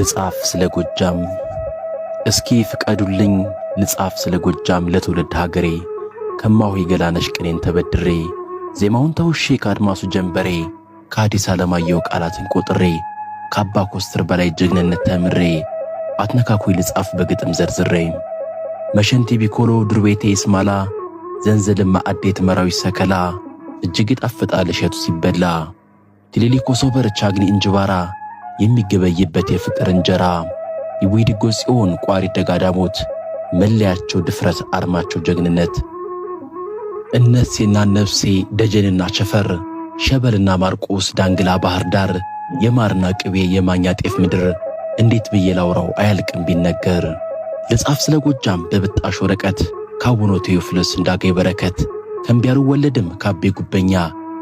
ልጻፍ ስለ ጎጃም እስኪ ፍቀዱልኝ ልጻፍ ስለ ጎጃም ለትውልድ ሀገሬ ከማሆይ ገላነሽ ቅኔን ተበድሬ ዜማውን ተውሼ ከአድማሱ ጀንበሬ ከአዲስ አለማየሁ ቃላትን ቆጥሬ ከአባ ኮስትር በላይ ጀግንነት ተምሬ አትነካኩይ ልጻፍ በግጥም ዘርዝሬ መሸንቲ ቢኮሎ ድርቤቴ ይስማላ ዘንዘልማ አዴት መራዊ ሰከላ እጅግ ይጣፍጣል እሸቱ ሲበላ ቲሊሊ ኮሶበር ቻግኒ እንጅባራ የሚገበይበት የፍቅር እንጀራ የዊድጎ ጽዮን ቋሪ ደጋዳሞት መለያቸው ድፍረት፣ አርማቸው ጀግንነት። እነሴና ነፍሴ ደጀንና ቸፈር ሸበልና ማርቆስ ዳንግላ ባህር ዳር የማርና ቅቤ የማኛ ጤፍ ምድር እንዴት ብዬ ላውራው አያልቅም ቢነገር። ልጻፍ ስለ ጎጃም በብጣሽ ወረቀት ከአቡነ ቴዎፍሎስ እንዳገኝ በረከት ከእምቢያሩ ወለድም ካቤ ጉበኛ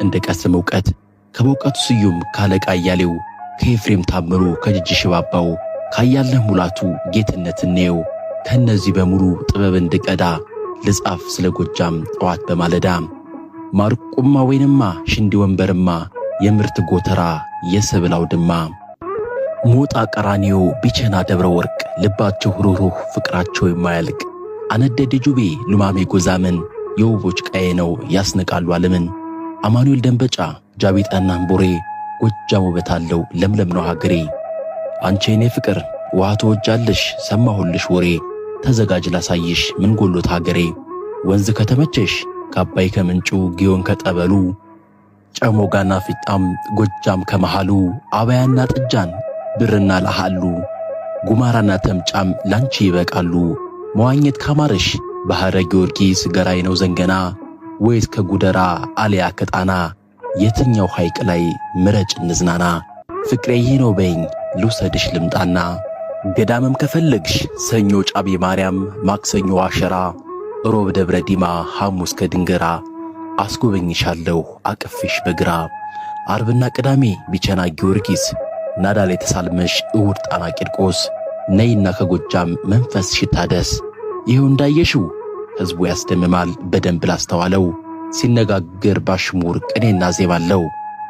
እንደ ቀስም እውቀት ከበውቀቱ ስዩም ካለቃ እያሌው ከኤፍሬም ታምሩ፣ ከጅጅ ሽባባው፣ ካያለህ ሙላቱ ጌትነት እንየው ከእነዚህ በሙሉ ጥበብ እንድቀዳ ልጻፍ ስለ ጎጃም ጠዋት በማለዳ ማርቁማ ወይንማ ሽንዲ ወንበርማ የምርት ጎተራ የሰብል አውድማ ሞጣ ቀራኒዮ ቢቸና ደብረ ወርቅ ልባቸው ሩሩህ ፍቅራቸው የማያልቅ አነደደ ጁቤ ሉማሜ ጎዛምን የውቦች ቀዬ ነው ያስነቃሉ ዓለምን አማኑኤል ደንበጫ ጃዊ ጠናን ቦሬ ጎጃም ውበት አለው ለምለም ነው ሀገሬ። አንቺ የኔ ፍቅር ውሃ ትወጃለሽ ሰማሁልሽ ወሬ፣ ተዘጋጅ ላሳይሽ ምን ጎሎት ሀገሬ። ወንዝ ከተመቸሽ ከአባይ ከምንጩ ጊዮን ከጠበሉ ጨሞጋና ፊጣም ጎጃም ከመሃሉ አባያና ጥጃን ብርና ላሃሉ ጉማራና ተምጫም ላንቺ ይበቃሉ። መዋኘት ካማረሽ ባሕረ ጊዮርጊስ ገራይ ነው ዘንገና ወይስ ከጉደራ አልያ ከጣና የትኛው ሐይቅ ላይ ምረጭ እንዝናና፣ ፍቅሬ ይህ ነው በይኝ ልውሰድሽ ልምጣና፣ ገዳምም ከፈለግሽ ሰኞ ጫቢ ማርያም፣ ማክሰኞ አሸራ፣ ሮብ ደብረ ዲማ፣ ሐሙስ ከድንገራ፣ አስጎበኝሻለሁ አቅፍሽ በግራ፣ አርብና ቅዳሜ ቢቸና ጊዮርጊስ፣ ናዳ ላይ ተሳልመሽ እውር ጣና ቂርቆስ፣ ነይና ከጎጃም መንፈስ ሽታደስ ይኸው እንዳየሽው ሕዝቡ ያስደምማል በደንብ ላስተዋለው ሲነጋገር ባሽሙር ቅኔና ዜማ አለው።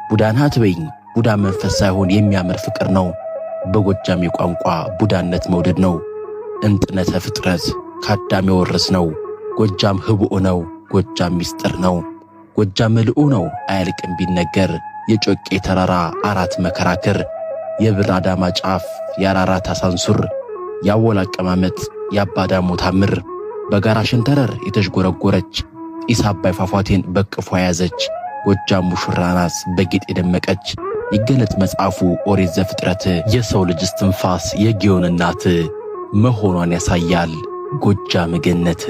ቡዳን አትበኝ። ቡዳ መንፈስ ሳይሆን የሚያምር ፍቅር ነው። በጎጃም ቋንቋ ቡዳነት መውደድ ነው። እንጥነተ ፍጥረት ከአዳም የወረስ ነው። ጎጃም ህቡዕ ነው። ጎጃም ሚስጥር ነው። ጎጃም መልኡ ነው። አያልቅም ቢነገር የጮቄ ተራራ አራት መከራክር የብር አዳማ ጫፍ የአራራት አሳንሱር ያወል አቀማመጥ የአባዳሙ ታምር በጋራ ሸንተረር የተዥጎረጎረች ጢስ አባይ ፏፏቴን በቅፏ ያዘች ጎጃም ሙሽራ ናት በጌጥ የደመቀች ይገለጥ መጽሐፉ ኦሪት ዘፍጥረት የሰው ልጅ እስትንፋስ የጊዮን እናት መሆኗን ያሳያል ጎጃም ገነት።